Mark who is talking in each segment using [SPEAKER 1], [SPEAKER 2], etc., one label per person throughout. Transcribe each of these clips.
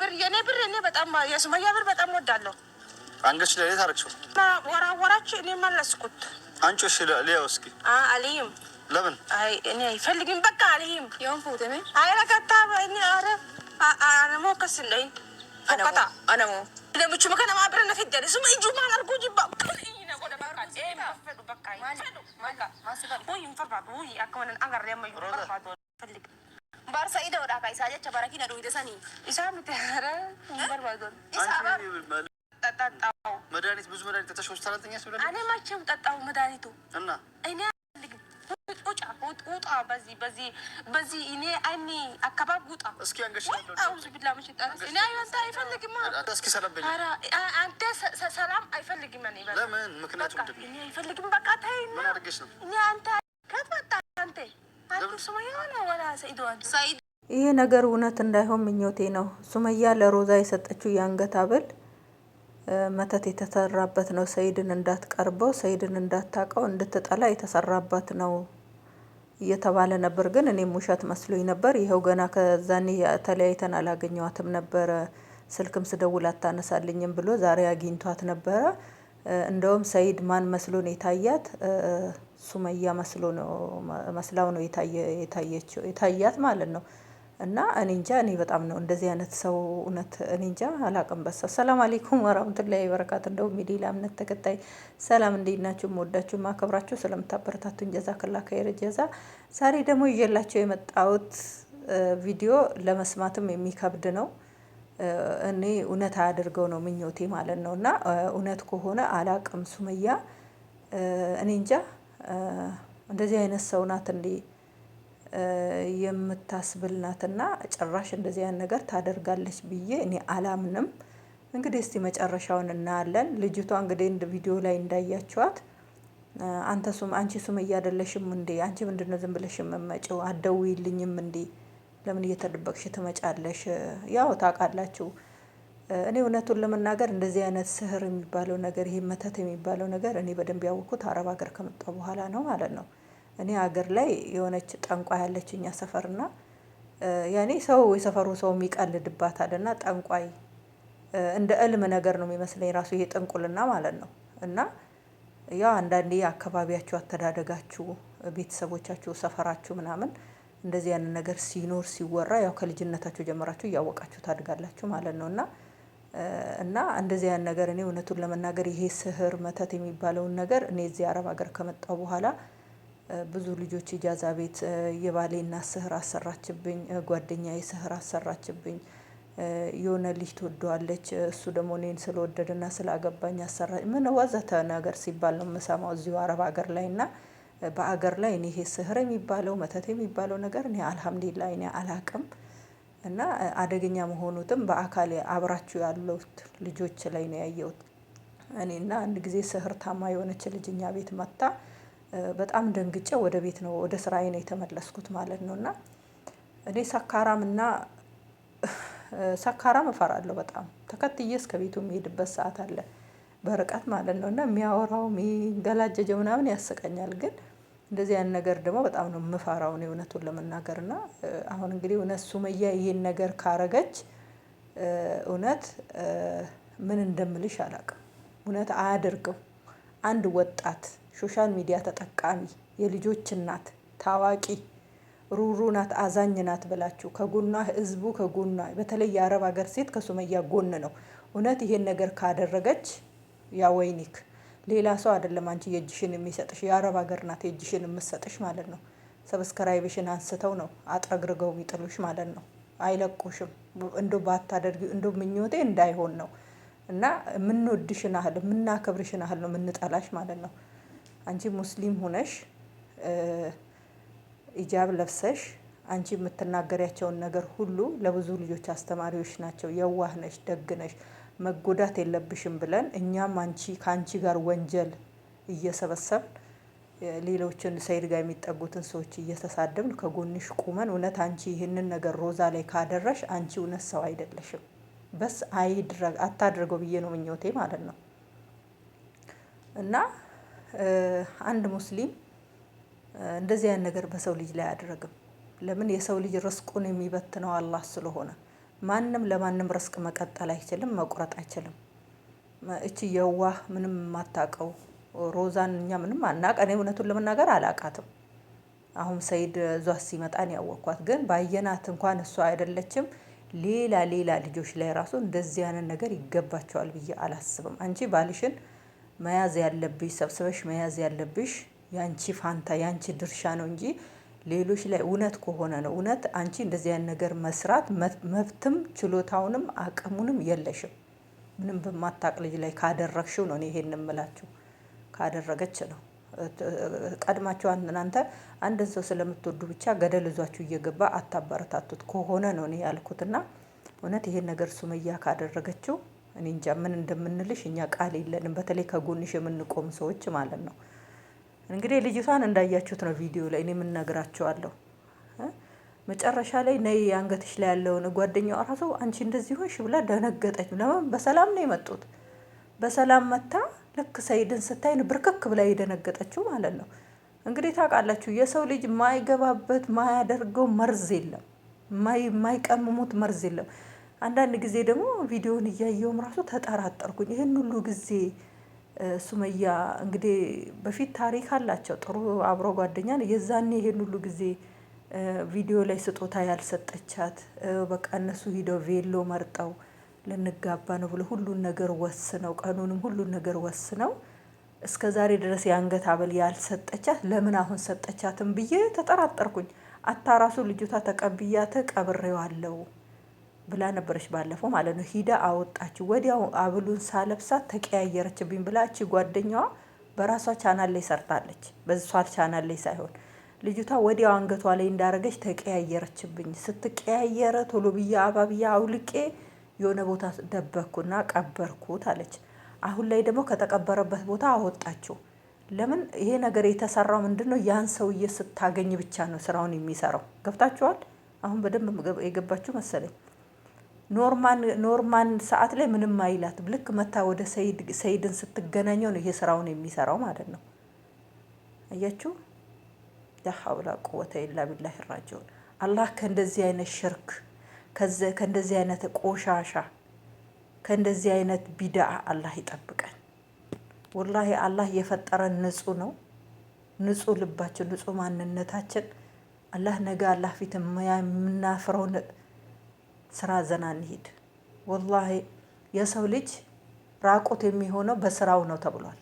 [SPEAKER 1] ብር የኔ ብር እኔ በጣም የሱመያ ብር በጣም ወዳለሁ።
[SPEAKER 2] አንገች ላይ ታረግሽው
[SPEAKER 1] ወራወራች። እኔ መለስኩት።
[SPEAKER 2] አንቺ እሺ ሊያው እስኪ አልይም። ለምን
[SPEAKER 1] አይ እኔ አይፈልግም። በቃ አልይም። የሆን ፉት እኔ አይ ረከታ እኔ አረ አነሞ ከስለኝ አነሞ አነሞ ለምቹ መከነማ ብር ነፊደል ስም እጁ ማን አርጉ ጅባ Barsa ida'uudhaa isaa jecha bara kina dhuunfee sanii. Isaa miti hin barbaadon.
[SPEAKER 2] Isaa bara. ጠጣው መድኃኒት ብዙ መድኃኒት ጠጣሽ ሆስፒታል አልተኛሽ ብለሽ?
[SPEAKER 1] እኔ መቼም ጠጣው መድኃኒቱ እና እኔ ውጣ። በዚህ በዚህ በዚህ እኔ እኔ አካባቢ ውጣ። እስኪ ሰላም አይፈልግም አይፈልግም። በቃ ሰይድ ይሄ ነገር እውነት እንዳይሆን ምኞቴ ነው። ሱመያ ለሮዛ የሰጠችው የአንገት ሀብል መተት የተሰራበት ነው። ሰይድን እንዳትቀርበው፣ ሰይድን እንዳታቀው፣ እንድትጠላ የተሰራበት ነው። እየተባለ ነበር። ግን እኔም ውሸት መስሎኝ ነበር። ይኸው ገና ከዛኔ ተለያይተን አላገኘዋትም ነበረ። ስልክም ስደውል አታነሳልኝም ብሎ ዛሬ አግኝቷት ነበረ። እንደውም ሰይድ ማን መስሎ ነው የታያት? ሱመያ መስሎ ነው መስላው ነው የታየችው የታያት ማለት ነው። እና እኔ እንጃ እኔ በጣም ነው እንደዚህ አይነት ሰው እውነት እኔ እንጃ አላቅም። በሳ ሰላም አሌይኩም ወራህመቱላሂ ወበረካቱ። እንደው ሚዲላ እምነት ተከታይ ሰላም፣ እንዴት ናችሁ? መወዳችሁ ማከብራችሁ ስለምታበረታቱኝ ጀዛከላ ከይር ጀዛ። ዛሬ ደግሞ ይዤላችሁ የመጣሁት ቪዲዮ ለመስማትም የሚከብድ ነው። እኔ እውነት አያድርገው ነው ምኞቴ ማለት ነው። እና እውነት ከሆነ አላቅም ሱመያ እኔ እንጃ እንደዚህ አይነት ሰው ናት እንዴ የምታስብልናትና ጭራሽ እንደዚህ አይነት ነገር ታደርጋለች ብዬ እኔ አላምንም። እንግዲህ እስቲ መጨረሻውን እናያለን። ልጅቷ እንግዲህ እንደ ቪዲዮ ላይ እንዳያችኋት አንተ ሱም አንቺ ሱም እያደለሽም እንዴ አንቺ ምንድነው ዝም ብለሽ የምመጪው? አትደውይልኝም እንዴ? ለምን እየተደበቅሽ ትመጫለሽ? ያው ታውቃላችሁ። እኔ እውነቱን ለመናገር እንደዚህ አይነት ስህር የሚባለው ነገር ይሄ መተት የሚባለው ነገር እኔ በደንብ ያወቅኩት አረብ ሀገር ከመጣሁ በኋላ ነው ማለት ነው። እኔ ሀገር ላይ የሆነች ጠንቋ ያለች እኛ ሰፈርና ያኔ ሰው የሰፈሩ ሰው ይቀልድባታል እና ጠንቋይ እንደ እልም ነገር ነው የሚመስለኝ ራሱ ይሄ ጥንቁልና ማለት ነው። እና ያው አንዳንዴ አካባቢያችሁ አተዳደጋችሁ ቤተሰቦቻችሁ ሰፈራችሁ ምናምን እንደዚህ ያንን ነገር ሲኖር ሲወራ ያው ከልጅነታችሁ ጀምራችሁ እያወቃችሁ ታድጋላችሁ ማለት ነው። እና እና እንደዚህ ያን ነገር እኔ እውነቱን ለመናገር ይሄ ስህር መተት የሚባለውን ነገር እኔ እዚህ አረብ ሀገር ከመጣሁ በኋላ ብዙ ልጆች ኢጃዛ ቤት የባሌ ስህር አሰራችብኝ፣ ጓደኛ ስህር አሰራችብኝ፣ የሆነ ልጅ ትወደዋለች፣ እሱ ደግሞ እኔን ስለወደድና ስላገባኝ አሰራ ምን ወዘተ ነገር ሲባል ነው የምሰማው እዚሁ አረብ ሀገር ላይ እና በአገር ላይ እኔ ይሄ ስህር የሚባለው መተት የሚባለው ነገር እኔ አልሐምዱሊላ እኔ አላቅም እና አደገኛ መሆኑትም በአካል አብራችሁ ያሉት ልጆች ላይ ነው ያየሁት። እኔና አንድ ጊዜ ስህር ታማ የሆነች ልጅ እኛ ቤት መታ በጣም ደንግጬ ወደ ቤት ነው ወደ ስራዬ ነው የተመለስኩት ማለት ነው። እና እኔ ሰካራም እና ሰካራም እፈራለሁ በጣም ተከትዬ እስከ ቤቱ የሚሄድበት ሰዓት አለ በርቀት ማለት ነው። እና የሚያወራው የሚገላጀጀው ምናምን ያስቀኛል ግን እንደዚህ ያን ነገር ደግሞ በጣም ነው የምፈራው እኔ እውነቱን ለመናገር እና አሁን እንግዲህ እውነት ሱመያ ይሄን ነገር ካረገች እውነት ምን እንደምልሽ አላቅም። እውነት አያደርግም። አንድ ወጣት ሶሻል ሚዲያ ተጠቃሚ የልጆች እናት ታዋቂ ሩሩ ናት አዛኝ ናት ብላችሁ ከጎኗ ህዝቡ ከጎኗ በተለይ የአረብ ሀገር ሴት ከሱመያ ጎን ነው። እውነት ይሄን ነገር ካደረገች ያ ወይኒክ ሌላ ሰው አይደለም አንቺ የእጅሽን የሚሰጥሽ የአረብ ሀገር ናት የእጅሽን የምሰጥሽ ማለት ነው። ሰብስክራይብሽን አንስተው ነው አጥረግርገው የሚጥሉሽ ማለት ነው። አይለቁሽም እንዶ ባታደርጊው እንዶ ምኞቴ እንዳይሆን ነው። እና የምንወድሽን ያህል የምናከብርሽን ያህል ነው የምንጠላሽ ማለት ነው አንቺ ሙስሊም ሆነሽ ኢጃብ ለብሰሽ አንቺ የምትናገሪያቸውን ነገር ሁሉ ለብዙ ልጆች አስተማሪዎች ናቸው። የዋህ ነሽ፣ ደግ ነሽ፣ መጎዳት የለብሽም ብለን እኛም አንቺ ከአንቺ ጋር ወንጀል እየሰበሰብ ሌሎችን ሰይድ ጋር የሚጠጉትን ሰዎች እየተሳደብን ከጎንሽ ቁመን እውነት አንቺ ይህንን ነገር ሮዛ ላይ ካደረሽ አንቺ እውነት ሰው አይደለሽም። በስ አይድረግ አታድርገው ብዬ ነው ምኞቴ ማለት ነው እና አንድ ሙስሊም እንደዚህ አይነት ነገር በሰው ልጅ ላይ አያደረግም። ለምን? የሰው ልጅ ርስቁን የሚበትነው አላህ ስለሆነ ማንም ለማንም ርስቅ መቀጠል አይችልም፣ መቁረጥ አይችልም። እቺ የዋህ ምንም የማታቀው ሮዛን እኛ ምንም አናቀ። እኔ እውነቱን ለመናገር አላቃትም። አሁን ሰይድ እዟ ሲመጣን ያወቅኳት፣ ግን ባየናት እንኳን እሷ አይደለችም ሌላ ሌላ ልጆች ላይ ራሱ እንደዚህ ያንን ነገር ይገባቸዋል ብዬ አላስብም። አንቺ ባልሽን መያዝ ያለብሽ ሰብስበሽ መያዝ ያለብሽ ያንቺ ፋንታ ያንቺ ድርሻ ነው እንጂ ሌሎች ላይ እውነት ከሆነ ነው እውነት አንቺ እንደዚህ አይነት ነገር መስራት መብትም ችሎታውንም አቅሙንም የለሽም። ምንም በማታቅ ልጅ ላይ ካደረግሽው ነው። ይሄን እምላችሁ ካደረገች ነው። ቀድማችሁ እናንተ አንድን ሰው ስለምትወዱ ብቻ ገደል እዟችሁ እየገባ አታበረታቱት። ከሆነ ነው እኔ ያልኩትና እውነት ይሄን ነገር ሱመያ ካደረገችው እኔ እንጃ ምን እንደምንልሽ እኛ ቃል የለንም። በተለይ ከጎንሽ የምንቆም ሰዎች ማለት ነው። እንግዲህ ልጅቷን እንዳያችሁት ነው ቪዲዮ ላይ እኔ የምነግራችኋለሁ። መጨረሻ ላይ ነይ አንገትሽ ላይ ያለውን ጓደኛዋ ራሱ አንቺ እንደዚህ ሆንሽ ብላ ደነገጠች። ለምን በሰላም ነው የመጡት። በሰላም መታ ልክ ሰይድን ስታይን ብርክክ ብላ የደነገጠችው ማለት ነው። እንግዲህ ታውቃላችሁ የሰው ልጅ ማይገባበት ማያደርገው መርዝ የለም፣ ማይቀምሙት መርዝ የለም። አንዳንድ ጊዜ ደግሞ ቪዲዮን እያየውም ራሱ ተጠራጠርኩኝ። ይህን ሁሉ ጊዜ ሱመያ እንግዲህ በፊት ታሪክ አላቸው ጥሩ አብሮ ጓደኛ ነው። የዛኔ ሁሉ ጊዜ ቪዲዮ ላይ ስጦታ ያልሰጠቻት በቃ እነሱ ሂደው ቬሎ መርጠው ልንጋባ ነው ብሎ ሁሉን ነገር ወስነው ቀኑንም ሁሉን ነገር ወስነው እስከ ዛሬ ድረስ የአንገት ሀብል ያልሰጠቻት ለምን አሁን ሰጠቻትም ብዬ ተጠራጠርኩኝ። አታ ራሱ ልጅቷ ተቀብያተ ቀብሬዋለሁ ብላ ነበረች ባለፈው ማለት ነው። ሂዳ አወጣች። ወዲያው አብሉን ሳለብሳት ተቀያየረችብኝ ብላች ጓደኛዋ በራሷ ቻናል ላይ ሰርታለች። በሷ ቻናል ላይ ሳይሆን ልጅቷ ወዲያው አንገቷ ላይ እንዳረገች ተቀያየረችብኝ። ስትቀያየረ ቶሎ ብዬ አባብያ አውልቄ የሆነ ቦታ ደበኩና ቀበርኩት አለች። አሁን ላይ ደግሞ ከተቀበረበት ቦታ አወጣችው። ለምን ይሄ ነገር የተሰራው ምንድን ነው? ያን ሰውዬ ስታገኝ ብቻ ነው ስራውን የሚሰራው። ገብታችኋል? አሁን በደንብ የገባችሁ መሰለኝ። ኖርማን ኖርማን ሰዓት ላይ ምንም አይላት። ልክ መታ ወደ ሰይድ ሰይድን ስትገናኘው ነው ይሄ ስራውን የሚሰራው ማለት ነው። አያችሁ ላሐውላ ቁወተ ኢላ ቢላህ ራጂዑን። አላህ ከእንደዚህ አይነት ሽርክ ከእንደዚህ አይነት ቆሻሻ ከእንደዚህ አይነት ቢድዓ አላህ ይጠብቀን። ወላሂ አላህ የፈጠረን ንጹህ ነው። ንጹህ ልባችን፣ ንጹህ ማንነታችን አላህ ነገ አላህ ፊት የምናፍረውን ስራ ዘና እንሂድ። ወላሂ የሰው ልጅ ራቁት የሚሆነው በስራው ነው ተብሏል።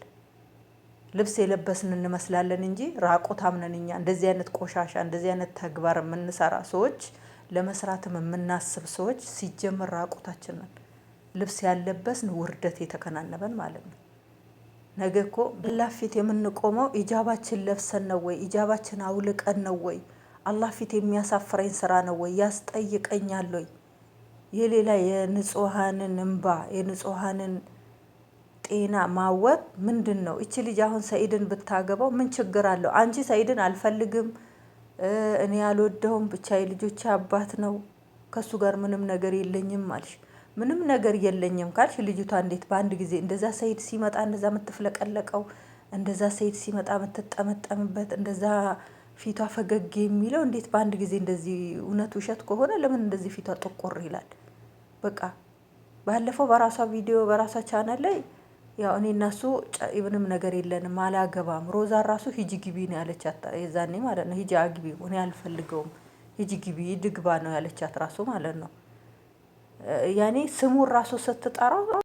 [SPEAKER 1] ልብስ የለበስን እንመስላለን እንጂ ራቁት አምነን እኛ እንደዚህ አይነት ቆሻሻ እንደዚህ አይነት ተግባር የምንሰራ ሰዎች ለመስራትም የምናስብ ሰዎች ሲጀምር ራቁታችንን ልብስ ያለበስን ውርደት የተከናነበን ማለት ነው። ነገ እኮ አላህ ፊት የምንቆመው ኢጃባችን ለብሰን ነው ወይ? ኢጃባችን አውልቀን ነው ወይ? አላህ ፊት የሚያሳፍረኝ ስራ ነው ወይ? ያስጠይቀኛል ወይ? የሌላ የንጹሐንን እንባ የንጹሐንን ጤና ማወቅ ምንድን ነው? እቺ ልጅ አሁን ሰኢድን ብታገባው ምን ችግር አለው? አንቺ ሰኢድን አልፈልግም፣ እኔ ያልወደውም ብቻ የልጆች አባት ነው፣ ከሱ ጋር ምንም ነገር የለኝም አልሽ። ምንም ነገር የለኝም ካልሽ ልጅቷ እንዴት በአንድ ጊዜ እንደዛ ሰኢድ ሲመጣ እንደዛ የምትፍለቀለቀው እንደዛ ሰኢድ ሲመጣ የምትጠመጠምበት እንደዛ ፊቷ ፈገግ የሚለው እንዴት በአንድ ጊዜ እንደዚህ እውነት ውሸት ከሆነ ለምን እንደዚህ ፊቷ ጥቁር ይላል? በቃ ባለፈው በራሷ ቪዲዮ በራሷ ቻናል ላይ ያው እኔ እናሱ ምንም ነገር የለንም አላገባም። ሮዛ ራሱ ሂጂ ግቢ ነው ያለቻት የዛኔ ማለት ነው። ሂጂ አግቢ እኔ አልፈልገውም ሂጂ ግቢ ድግባ ነው ያለቻት ራሱ ማለት ነው። ያኔ ስሙን ራሱ ስትጠራው